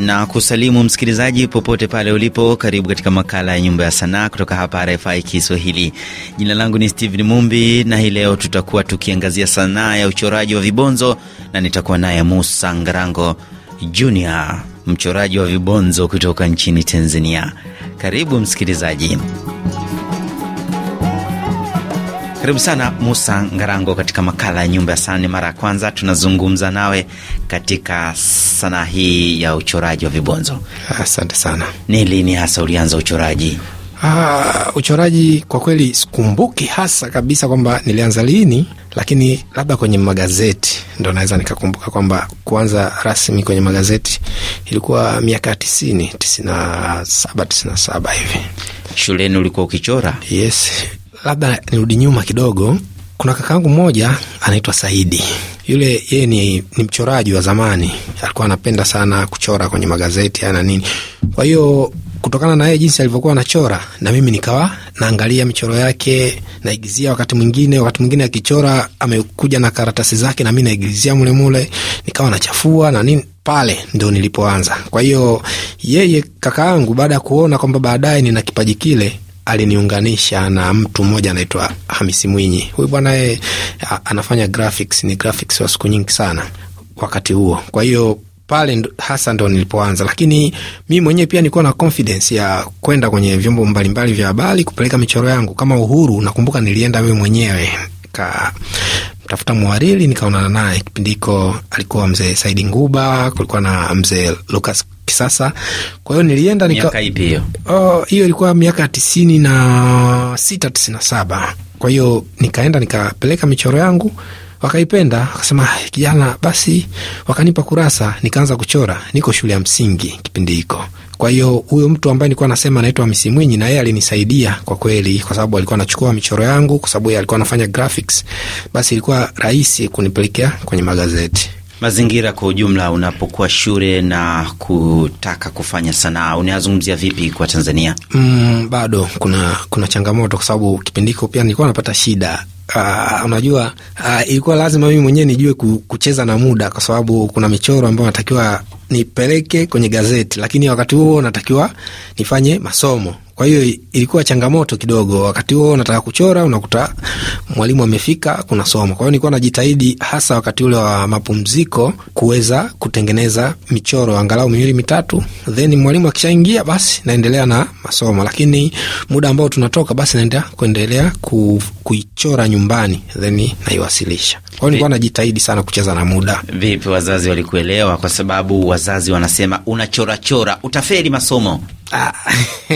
na kusalimu msikilizaji popote pale ulipo. Karibu katika makala ya Nyumba ya Sanaa kutoka hapa RFI Kiswahili. Jina langu ni stephen Mumbi na hii leo tutakuwa tukiangazia sanaa ya uchoraji wa vibonzo na nitakuwa naye Musa Ngarango Junior, mchoraji wa vibonzo kutoka nchini Tanzania. Karibu msikilizaji. Karibu sana Musa Ngarango katika makala ya Nyumba ya Sanaa. Mara ya kwanza tunazungumza nawe katika sanaa hii ya uchoraji wa vibonzo. Asante sana. Ni lini hasa ulianza uchoraji? Aa, ah, uchoraji kwa kweli sikumbuki hasa kabisa kwamba nilianza lini, lakini labda kwenye magazeti ndo naweza nikakumbuka kwamba kuanza rasmi kwenye magazeti ilikuwa miaka tisini, tisini na saba, tisini na saba hivi. Shuleni ulikuwa ukichora? Yes, labda nirudi nyuma kidogo. Kuna kakaangu mmoja anaitwa Saidi, yule yeye ni, ni mchoraji wa zamani, alikuwa anapenda sana kuchora kwenye magazeti na nini. Kwa hiyo kutokana na yeye jinsi alivyokuwa anachora, na mimi nikawa naangalia michoro yake, naigizia wakati mwingine, wakati mwingine akichora amekuja na karatasi zake, na mimi naigizia mulemule, nikawa nachafua na nini. Pale ndo nilipoanza. Kwa hiyo yeye kaka kakaangu, baada ya kuona kwamba baadaye nina kipaji kile aliniunganisha na mtu mmoja anaitwa Hamisi Mwinyi. Huyu bwana yeye anafanya graphics, ni graphics wa siku nyingi sana wakati huo, kwa hiyo pale hasa ndo nilipoanza, lakini mi mwenyewe pia nilikuwa na confidence ya kwenda kwenye vyombo mbalimbali vya habari kupeleka michoro yangu. Kama Uhuru nakumbuka nilienda we mwenyewe ka tafuta mwariri nikaonana naye kipindi hiko, alikuwa mzee Saidi Nguba, kulikuwa na mzee Lucas kisasa. Kwa hiyo nilienda nika hiyo oh, hiyo ilikuwa miaka tisini na sita tisini na saba. Kwa hiyo nikaenda nikapeleka michoro yangu wakaipenda, wakasema ah, kijana, basi wakanipa kurasa, nikaanza kuchora. Niko shule ya msingi kipindi hiko. Kwa hiyo huyo mtu ambaye nilikuwa nasema anaitwa Hamisi Mwinyi, na yeye alinisaidia kwa kweli, kwa sababu alikuwa anachukua michoro yangu, kwa sababu yeye alikuwa anafanya graphics, basi ilikuwa rahisi kunipelekea kwenye magazeti mazingira kwa ujumla, unapokuwa shule na kutaka kufanya sanaa, unayazungumzia vipi kwa Tanzania? Mm, bado kuna kuna changamoto kwa sababu kipindi hiko pia nilikuwa napata shida Uh, unajua uh, ilikuwa lazima mimi mwenyewe nijue kucheza na muda, kwa sababu kuna michoro ambayo natakiwa nipeleke kwenye gazeti, lakini wakati huo natakiwa nifanye masomo. Kwa hiyo ilikuwa changamoto kidogo. Wakati huo nataka kuchora, unakuta mwalimu amefika, kuna somo. Kwa hiyo nilikuwa najitahidi hasa wakati ule wa mapumziko kuweza kutengeneza michoro angalau miwili mitatu, then mwalimu akishaingia, basi naendelea na masomo, lakini muda ambao tunatoka, basi naenda kuendelea ku, kuichora nyumbani, then naiwasilisha. Kwa hiyo nilikuwa najitahidi sana kucheza na muda. Vipi wazazi walikuelewa? Kwa sababu wazazi wanasema unachorachora, utaferi masomo. Ah,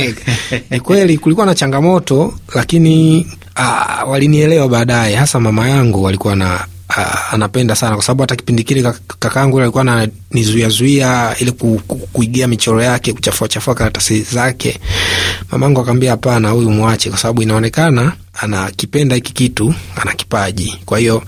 ni kweli kulikuwa na changamoto, lakini ah, walinielewa baadaye, hasa mama yangu walikuwa na Ah, anapenda sana kwa sababu hata kipindi kile kakangu alikuwa ananizuiazuia ili kuigia michoro yake kuchafuachafua karatasi zake. Mamangu akaambia hapana, huyu mwache, kwa sababu inaonekana anakipenda hiki kitu, ana kipaji, kwa hiyo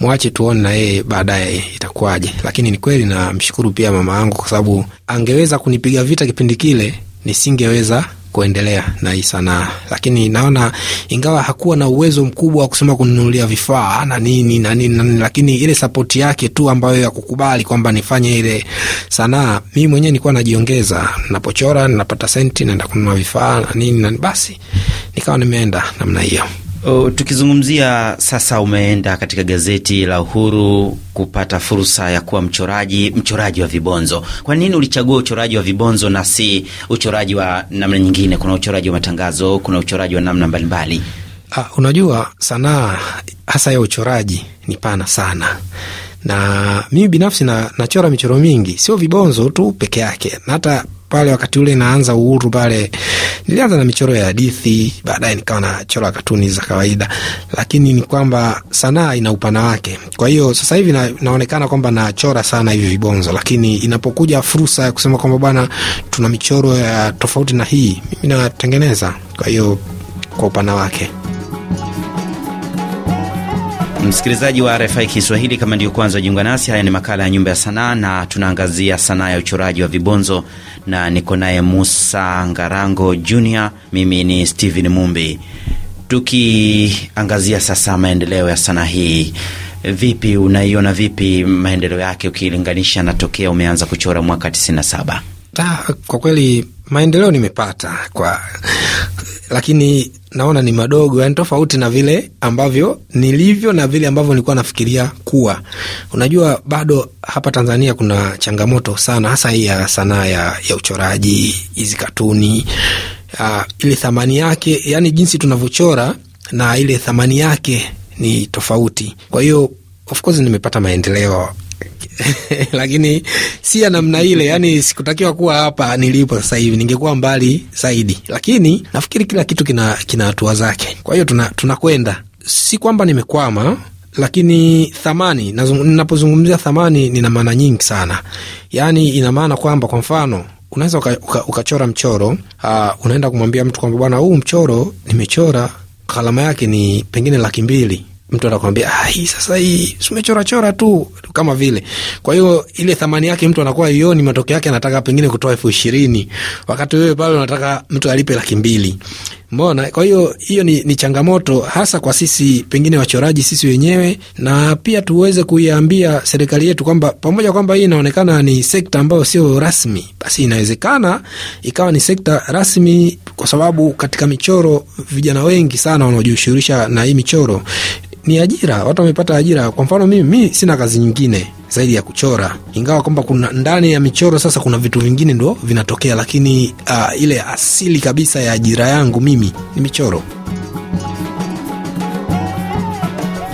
mwache tuone na yeye baadaye itakuwaje. Lakini ni kweli, namshukuru pia mama yangu kwa sababu angeweza kunipiga vita kipindi kile nisingeweza kuendelea na hii sanaa, lakini naona ingawa hakuwa na uwezo mkubwa wa kusema kununulia vifaa na nini na nini na nini, lakini ile sapoti yake tu ambayo ya kukubali kwamba nifanye ile sanaa, mi mwenyewe nilikuwa najiongeza, napochora napata senti, naenda kununua vifaa na nini na basi, nikawa nimeenda namna hiyo tukizungumzia sasa, umeenda katika gazeti la Uhuru kupata fursa ya kuwa mchoraji, mchoraji wa vibonzo. Kwa nini ulichagua uchoraji wa vibonzo na si uchoraji wa namna nyingine? Kuna uchoraji wa matangazo, kuna uchoraji wa namna mbalimbali. Ah, unajua sanaa hasa ya uchoraji ni pana sana na mimi binafsi na, nachora michoro mingi, sio vibonzo tu peke yake, na hata pale wakati ule naanza uhuru pale, nilianza na michoro ya hadithi, baadaye nikawa na chora katuni za kawaida, lakini ni kwamba sanaa ina upana wake. Kwa hiyo sasa hivi na, naonekana kwamba nachora sana hivi vibonzo, lakini inapokuja fursa ya kusema kwamba bwana, tuna michoro ya tofauti na hii, mimi natengeneza. Kwa hiyo kwa upana wake Msikilizaji wa RFI Kiswahili, kama ndiyo kwanza ujiunga nasi, haya ni makala ya Nyumba ya Sanaa na tunaangazia sanaa ya uchoraji wa vibonzo na niko naye Musa Ngarango Junior. Mimi ni Steven Mumbi, tukiangazia sasa maendeleo ya sanaa hii. Vipi, unaiona vipi maendeleo yake ukilinganisha na tokea umeanza kuchora mwaka 97? Ta, ah, kwa kweli maendeleo nimepata kwa lakini naona ni madogo, yani tofauti na vile ambavyo nilivyo na vile ambavyo nilikuwa nafikiria kuwa. Unajua, bado hapa Tanzania kuna changamoto sana, hasa hii ya sanaa ya, ya uchoraji, hizi katuni, ah, ile thamani yake, yani jinsi tunavyochora na ile thamani yake ni tofauti. Kwa hiyo of course nimepata maendeleo lakini si ya namna ile. Yani sikutakiwa kuwa hapa nilipo sasa hivi, ningekuwa mbali zaidi, lakini nafikiri kila kitu kina kina hatua zake. Kwa hiyo tunakwenda, tuna si kwamba nimekwama lakini thamani, ninapozungumzia thamani nina maana nyingi sana. Yani ina maana kwamba, kwa mfano, unaweza ukachora uka, uka mchoro aa, ah, unaenda kumwambia mtu kwamba bwana, huu mchoro nimechora gharama yake ni pengine laki mbili mtu anakwambia ah, hii sasa hii umechora tu kama vile. Kwa hiyo ile thamani yake mtu anakuwa ioni, matokeo yake anataka pengine kutoa elfu ishirini wakati wewe pale unataka mtu alipe laki mbili. Mbona? Kwa hiyo hiyo ni, ni changamoto hasa kwa sisi pengine wachoraji sisi wenyewe, na pia tuweze kuiambia serikali yetu kwamba pamoja kwamba hii inaonekana ni sekta ambayo sio rasmi, basi inawezekana ikawa ni sekta rasmi, kwa sababu katika michoro vijana wengi sana wanaojishughulisha na hii michoro ni ajira, watu wamepata ajira. Kwa mfano mimi, mi sina kazi nyingine zaidi ya kuchora, ingawa kwamba kuna ndani ya michoro sasa kuna vitu vingine ndo vinatokea, lakini uh, ile asili kabisa ya ajira yangu mimi ni michoro.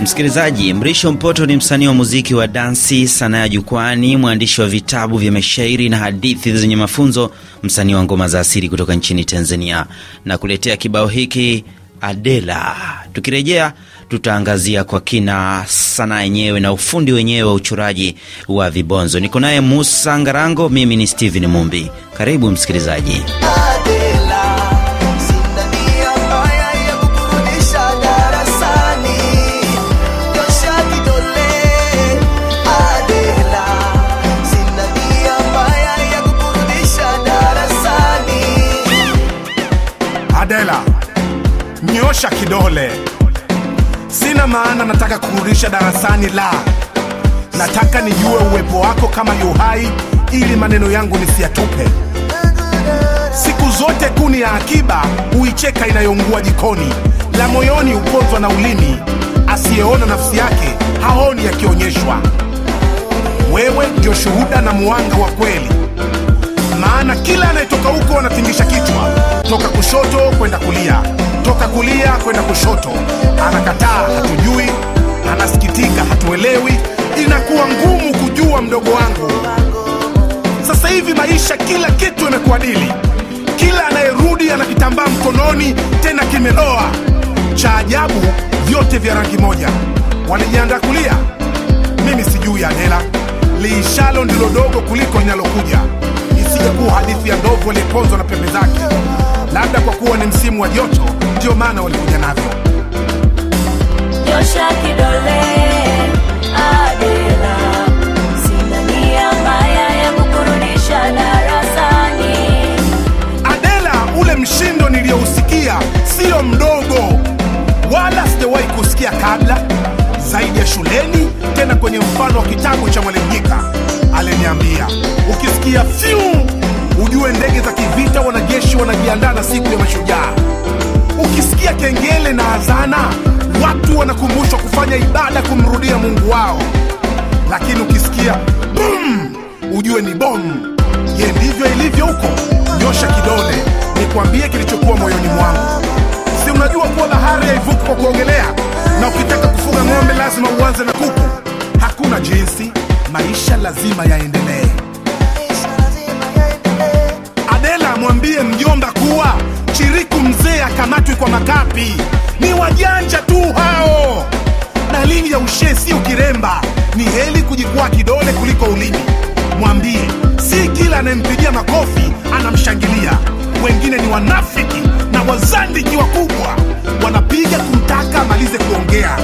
Msikilizaji, Mrisho Mpoto ni msanii wa muziki wa dansi, sanaa ya jukwani, mwandishi wa vitabu vya mashairi na hadithi zenye mafunzo, msanii wa ngoma za asili kutoka nchini Tanzania, na kuletea kibao hiki Adela. Tukirejea tutaangazia kwa kina sanaa yenyewe na ufundi wenyewe wa uchoraji wa vibonzo. Niko naye Musa Ngarango, mimi ni Steven Mumbi. Karibu msikilizaji. Adela, nyosha kidole. Sina maana nataka kurudisha darasani, la, nataka nijue uwepo wako kama yuhai, ili maneno yangu nisiyatupe siku zote. Kuni ya akiba huicheka inayoungua jikoni, la moyoni huponzwa na ulimi. Asiyeona nafsi yake haoni yakionyeshwa. Wewe ndio shuhuda na mwanga wa kweli, maana kila anayetoka huko anatingisha kichwa toka kushoto kwenda kulia kutoka kulia kwenda kushoto. Anakataa, hatujui, anasikitika, hatuelewi. Inakuwa ngumu kujua, mdogo wangu. Sasa hivi maisha, kila kitu imekuwa dili. Kila anayerudi anakitambaa mkononi, tena kimeloa. Cha ajabu, vyote vya rangi moja. wanijianda kulia, mimi sijui Angela. Liishalo ndilo dogo kuliko inalokuja isije hadithi ya ndovu aliyeponzwa na pembe zake labda kwa kuwa ni msimu wa joto ndio maana walikuja navyo nyosha kidole adela sina nia mbaya ya kukurudisha darasani adela ule mshindo niliyohusikia siyo mdogo wala sijawahi kusikia kabla zaidi ya shuleni tena kwenye mfano wa kitabu cha mwalimu nyika aliniambia ukisikia fyuu ujue ndege za kivita, wanajeshi wanajiandaa na siku ya mashujaa. Ukisikia kengele na azana, watu wanakumbushwa kufanya ibada, kumrudia Mungu wao. Lakini ukisikia bum, ujue ni bomu. ye ndivyo ilivyo huko? Nyosha kidole nikwambie kilichokuwa moyoni mwangu. Si unajua kuwa bahari haivuki kwa kuogelea, na ukitaka kufuga ng'ombe lazima uanze na kuku. Hakuna jinsi, maisha lazima yaendelee. mwambie mjomba kuwa chiriku mzee akamatwe kwa makapi. Ni wajanja tu hao. Dalili ya ushe sio kiremba, ni heli kujikua kidole kuliko ulimi. Mwambie si kila anayempigia makofi anamshangilia. Wengine ni wanafiki na wazandiki wakubwa, wanapiga kumtaka amalize kuongea,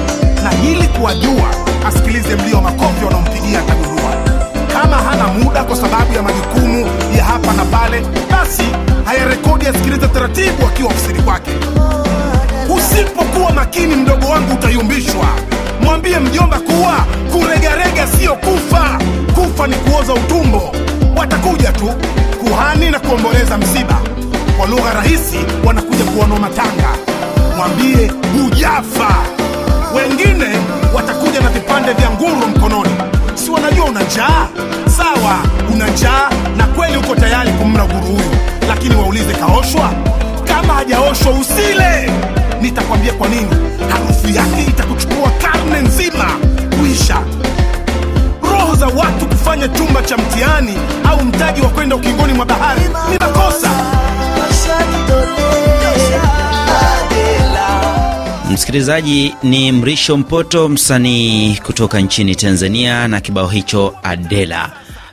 na ili kuwajua asikilize mlio wa makofi wanaompigia atagundua kama hana muda kwa sababu ya majukumu pale, basi haya rekodi yasikiliza taratibu akiwa ofisini kwake. Usipokuwa makini, mdogo wangu, utayumbishwa. Mwambie mjomba kuwa kuregarega siyo kufa, kufa ni kuoza utumbo. Watakuja tu kuhani na kuomboleza msiba, kwa lugha rahisi wanakuja kuwanoma tanga. Mwambie hujafa. Wengine watakuja na vipande vya nguru mkononi, si wanajua una njaa? Sawa, una njaa na kweli uko tayari kumla guru huyu, lakini waulize kaoshwa? Kama hajaoshwa usile. Nitakwambia kwa nini. Harufu yake itakuchukua karne nzima kuisha. Roho za watu kufanya chumba cha mtihani au mtaji wa kwenda ukingoni mwa bahari ni makosa. Msikilizaji, ni Mrisho Mpoto, msanii kutoka nchini Tanzania, na kibao hicho Adela.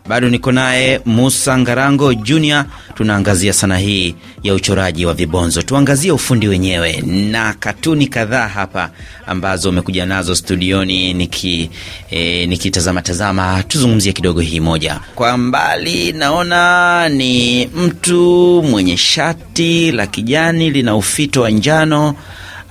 Bado niko naye Musa Ngarango Junior, tunaangazia sanaa hii ya uchoraji wa vibonzo. Tuangazie ufundi wenyewe na katuni kadhaa hapa ambazo umekuja nazo studioni, niki e, nikitazama tazama. Tuzungumzie kidogo hii moja. Kwa mbali naona ni mtu mwenye shati la kijani lina ufito wa njano.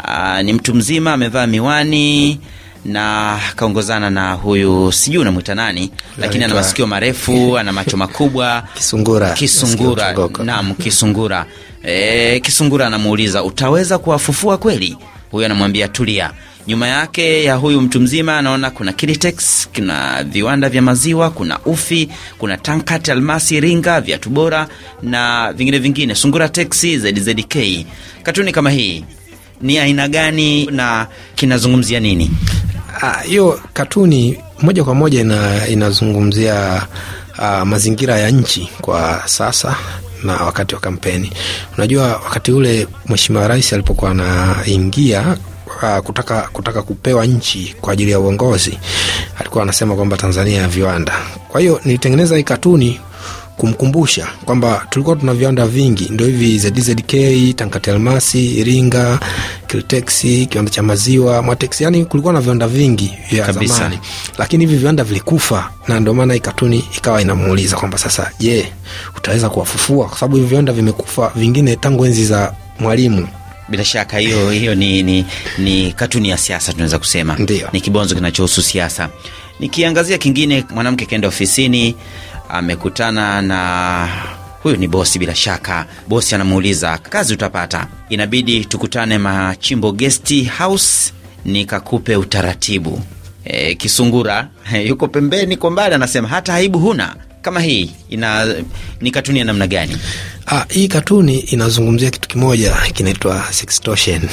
Aa, ni mtu mzima amevaa miwani na kaongozana na huyu sijui unamwita nani, lakini ana masikio marefu, ana macho makubwa kisungura, kisungura, nam kisungura e, kisungura anamuuliza utaweza kuwafufua kweli? Huyu anamwambia tulia. Nyuma yake ya huyu mtu mzima anaona kuna Kilitex, kuna viwanda vya maziwa, kuna Ufi, kuna Tankat, Almasi, Ringa, viatu bora na vingine vingine, Sungura Teksi, ZZK. Katuni kama hii ni aina gani na kinazungumzia nini? Ah, hiyo katuni moja kwa moja ina, inazungumzia uh, mazingira ya nchi kwa sasa na wakati wa kampeni. Unajua, wakati ule Mheshimiwa Rais alipokuwa anaingia uh, kutaka, kutaka kupewa nchi kwa ajili ya uongozi alikuwa anasema kwamba Tanzania ya viwanda. Kwa hiyo nilitengeneza hii katuni kumkumbusha kwamba tulikuwa tuna viwanda vingi, ndo hivi ZZK, Tankati Almasi, Iringa, Kiltex, kiwanda cha maziwa Mwateksi, yani kulikuwa na viwanda vingi vya kabisa zamani, lakini hivi viwanda vilikufa, na ndio maana ikatuni ikawa inamuuliza kwamba sasa, je, yeah, utaweza kuwafufua kwa sababu hivi viwanda vimekufa vingine tangu enzi za Mwalimu. Bila shaka hiyo hiyo ni, ni, ni katuni ya siasa tunaweza kusema. Ndiyo. Ni kibonzo kinachohusu siasa. Nikiangazia kingine, mwanamke kenda ofisini amekutana na huyu ni bosi bila shaka. Bosi anamuuliza kazi utapata, inabidi tukutane Machimbo Guest House nikakupe utaratibu. E, Kisungura yuko pembeni kwa mbali anasema hata aibu huna kama hii ina ni katuni ya namna gani? Ah, hii katuni inazungumzia kitu kimoja kinaitwa sextortion.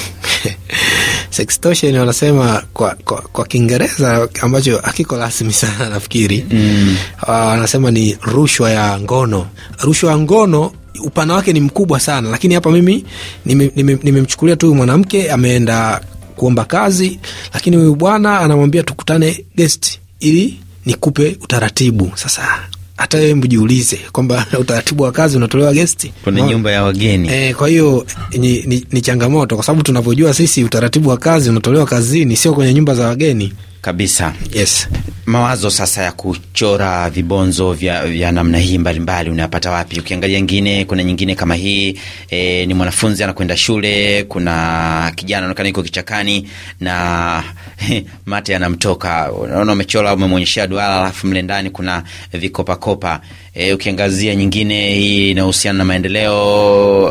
Sextortion wanasema kwa, kwa, kwa Kiingereza ambacho hakiko rasmi sana nafikiri mm. Uh, wanasema ni rushwa ya ngono. Rushwa ya ngono upana wake ni mkubwa sana, lakini hapa mimi nimemchukulia nime, nime tu mwanamke ameenda kuomba kazi, lakini huyu bwana anamwambia tukutane gesti ili nikupe utaratibu. Sasa hata wewe mjiulize kwamba utaratibu wa kazi unatolewa gesti kwenye no. nyumba ya wageni e, kwa hiyo ni, ni, ni changamoto kwa sababu tunavyojua sisi utaratibu wa kazi unatolewa kazini, sio kwenye nyumba za wageni kabisa. Yes, mawazo sasa ya kuchora vibonzo vya, vya namna hii mbalimbali unayapata wapi? Ukiangalia ngine kuna nyingine kama hii e, ni mwanafunzi anakwenda shule, kuna kijana anaonekana yuko kichakani na mate anamtoka. Unaona umechora umemwonyeshea duara, alafu mle ndani kuna vikopakopa E, ukiangazia nyingine hii inahusiana na maendeleo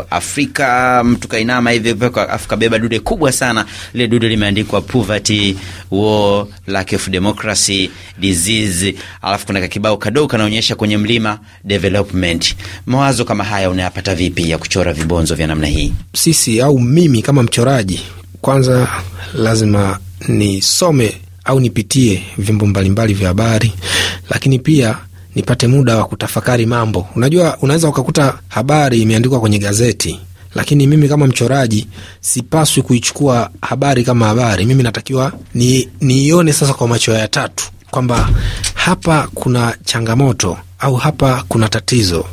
Afrika, mtu kainama hivi akabeba dude kubwa sana. Lile dude limeandikwa poverty war lack of democracy disease, alafu kuna kakibao kadogo kanaonyesha kwenye mlima development. Mawazo kama haya unayapata vipi ya kuchora vibonzo vya namna hii? Sisi au mimi kama mchoraji, kwanza lazima nisome au nipitie vyombo mbalimbali vya habari, lakini pia nipate muda wa kutafakari mambo. Unajua, unaweza ukakuta habari imeandikwa kwenye gazeti lakini mimi kama mchoraji sipaswi kuichukua habari kama habari. Mimi natakiwa niione ni sasa kwa macho ya tatu kwamba hapa kuna changamoto au hapa kuna tatizo.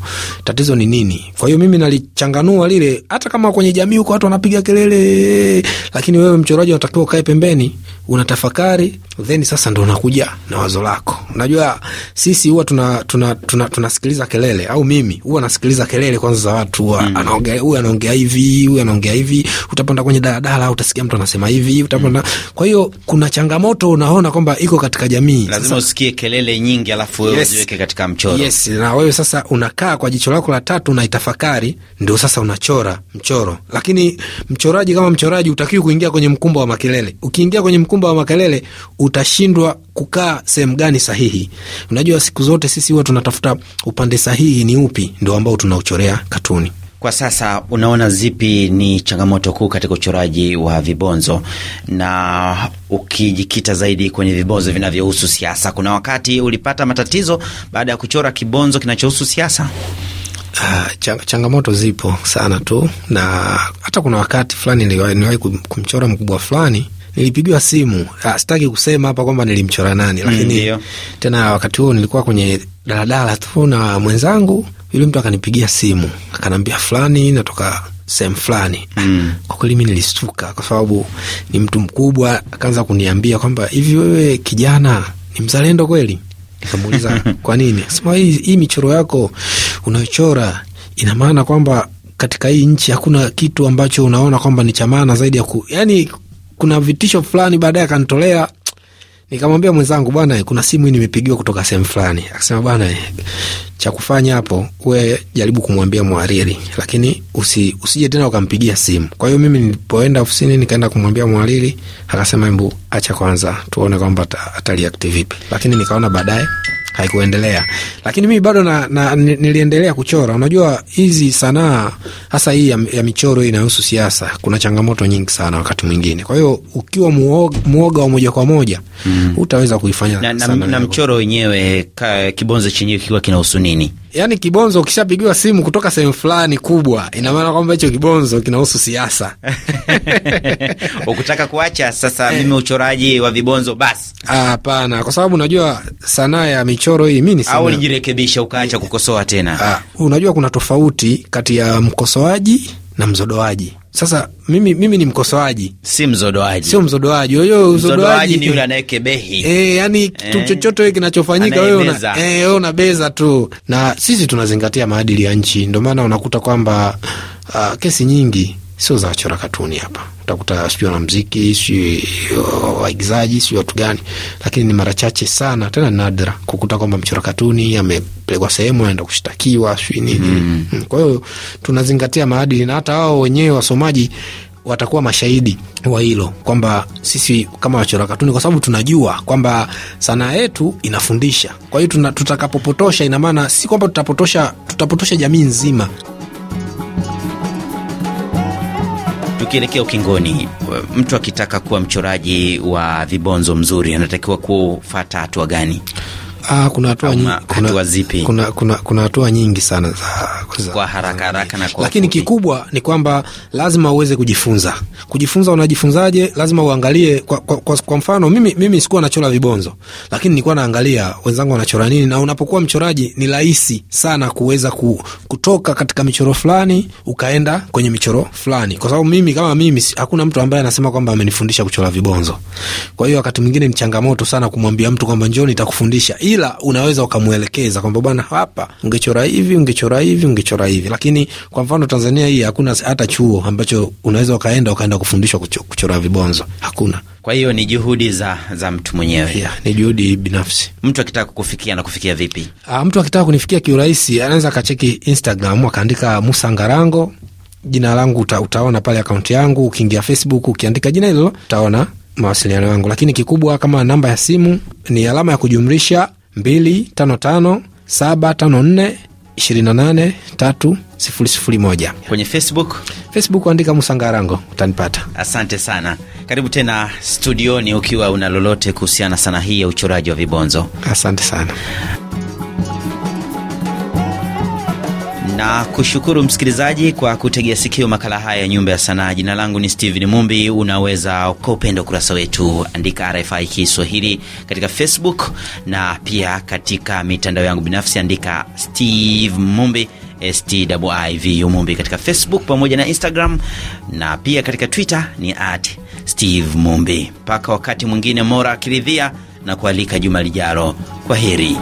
Tatizo ni nini? Kwa hiyo mimi nalichanganua lile, hata kama kwenye jamii huko watu wanapiga kelele, lakini wewe mchoraji unatakiwa ukae pembeni unatafakari, then sasa ndo unakuja na wazo lako. Unajua sisi huwa tuna, tuna, tuna, tunasikiliza kelele, au mimi huwa nasikiliza kelele kwanza za watu, huwa mm. anaongea huyu anaongea hivi, huyu anaongea hivi, utapanda kwenye daladala utasikia mtu anasema hivi, utapanda mm. kwa hiyo kuna changamoto unaona kwamba iko katika jamii, lazima usikie kelele nyingi, alafu wewe yes, ujiweke katika mchoro yes, na wewe sasa unakaa kwa jicho lako la tatu unaitafakari, ndio sasa unachora mchoro. Lakini mchoraji kama mchoraji utakiwi kuingia kwenye mkumbo wa makelele. Ukiingia kwenye mkumbo uvumba wa makelele utashindwa kukaa sehemu gani sahihi. Unajua, siku zote sisi huwa tunatafuta upande sahihi ni upi, ndio ambao tunauchorea katuni. Kwa sasa unaona zipi ni changamoto kuu katika uchoraji wa vibonzo, na ukijikita zaidi kwenye vibonzo vinavyohusu siasa? Kuna wakati ulipata matatizo baada ya kuchora kibonzo kinachohusu siasa? Uh, chang changamoto zipo sana tu, na hata kuna wakati fulani niliwahi kumchora mkubwa fulani nilipigiwa simu, ah, sitaki kusema hapa kwamba nilimchora nani, mm, lakini mm, tena wakati huo nilikuwa kwenye daladala tu na mwenzangu, yule mtu akanipigia simu akaniambia fulani natoka sehemu fulani mm. Kwa kweli mi nilistuka, kwa sababu ni mtu mkubwa. Akaanza kuniambia kwamba hivi wewe kijana ni mzalendo kweli? Nikamuuliza kwa nini? Sema hii, hii michoro yako unayochora ina maana kwamba katika hii nchi hakuna kitu ambacho unaona kwamba ni cha maana zaidi ya ku, yani kuna vitisho fulani, baadaye akanitolea nikamwambia mwenzangu, bwana, kuna simu hii nimepigiwa kutoka sehemu fulani. Akasema, bwana, cha kufanya hapo we jaribu kumwambia mhariri, lakini usi, usije tena ukampigia simu. Kwa hiyo mimi nilipoenda ofisini nikaenda kumwambia mhariri, akasema, mbu acha kwanza tuone kwamba ataliakti vipi, lakini nikaona baadaye haikuendelea lakini mimi bado na, na, niliendelea kuchora. Unajua hizi sanaa hasa hii ya, ya michoro inahusu siasa, kuna changamoto nyingi sana wakati mwingine. Kwa hiyo ukiwa muoga, muoga wa moja kwa moja mm, utaweza kuifanya na, na, na mchoro wenyewe kibonzo chenyewe kikiwa kinahusu nini? yani kibonzo ukishapigiwa simu kutoka sehemu fulani kubwa, ina maana kwamba hicho kibonzo kinahusu siasa. Ukutaka kuacha sasa mimi uchoraji wa vibonzo basi? Hapana, kwa sababu unajua sanaa ya michoro hii mi ni au ukaacha kukosoa tena? Aa, ah, unajua kuna tofauti kati ya mkosoaji na mzodoaji. Sasa mimi, mimi ni mkosoaji, si mzodoaji, sio mzodoaji. Huyo mzodoaji ni yule anayekebehi e, eh, yani kitu e, chochote kinachofanyika wewe una eh, wewe unabeza tu, na sisi tunazingatia maadili ya nchi. Ndio maana unakuta kwamba uh, kesi nyingi sio za wachora katuni hapa, utakuta sijui wanamuziki, sijui oh, waigizaji, sijui watu gani, lakini ni mara chache sana, tena nadra kukuta kwamba mchora katuni ame kupelekwa sehemu naenda kushtakiwa sijui nini mm. Kwa hiyo tunazingatia maadili na hata wao wenyewe wasomaji watakuwa mashahidi wa hilo kwamba sisi kama wachora katuni, kwa sababu tunajua kwamba sanaa yetu inafundisha. Kwa hiyo tutakapopotosha, ina maana si kwamba tutapotosha, tutapotosha jamii nzima. Tukielekea ukingoni, mtu akitaka kuwa mchoraji wa vibonzo mzuri anatakiwa kufata hatua gani? Ah, kuna hatua nyingi, kuna, zipi? Kuna, kuna, nyingi sana za, za, kwa haraka haraka na kwa lakini fupi. Kikubwa ni kwamba lazima uweze kujifunza. Kujifunza unajifunzaje? Lazima uangalie kwa, kwa, kwa, kwa mfano mimi, mimi sikuwa nachora vibonzo, lakini nilikuwa naangalia wenzangu wanachora nini, na unapokuwa mchoraji ni rahisi sana kuweza ku, kutoka katika michoro fulani ukaenda kwenye michoro fulani, kwa sababu mimi kama mimi hakuna mtu ambaye anasema kwamba amenifundisha kuchora vibonzo. Kwa hiyo wakati mwingine ni changamoto sana kumwambia mtu kwamba njoo nitakufundisha ila unaweza ukamwelekeza kwamba bwana, hapa ungechora hivi, ungechora hivi, ungechora hivi. Lakini kwa mfano Tanzania hii hakuna hata chuo ambacho unaweza ukaenda ukaenda kufundishwa kuchora vibonzo, hakuna. Kwa hiyo ni juhudi za, za mtu mwenyewe yeah, ni juhudi binafsi. Mtu akitaka kukufikia na kufikia vipi? Aa, ah, mtu akitaka kunifikia kiurahisi anaweza akacheki Instagram akaandika Musa Ngarango jina langu uta, utaona pale akaunti yangu. Ukiingia Facebook ukiandika jina hilo utaona mawasiliano yangu, lakini kikubwa kama namba ya simu ni alama ya kujumlisha 255 Kwenye Facebook, Facebook andika Musangarango utanipata. Asante sana, karibu tena studioni ukiwa una lolote kuhusiana sana hii ya uchoraji wa vibonzo. Asante sana. na kushukuru msikilizaji kwa kutegea sikio makala haya ya Nyumba ya Sanaa. Jina langu ni Steven Mumbi. Unaweza kwa upendo ukurasa wetu andika RFI Kiswahili katika Facebook na pia katika mitandao yangu binafsi andika Steve Mumbi Stivu Mumbi katika Facebook pamoja na Instagram na pia katika Twitter ni at Steve Mumbi. Mpaka wakati mwingine, Mora akiridhia na kualika juma lijalo. Kwa heri.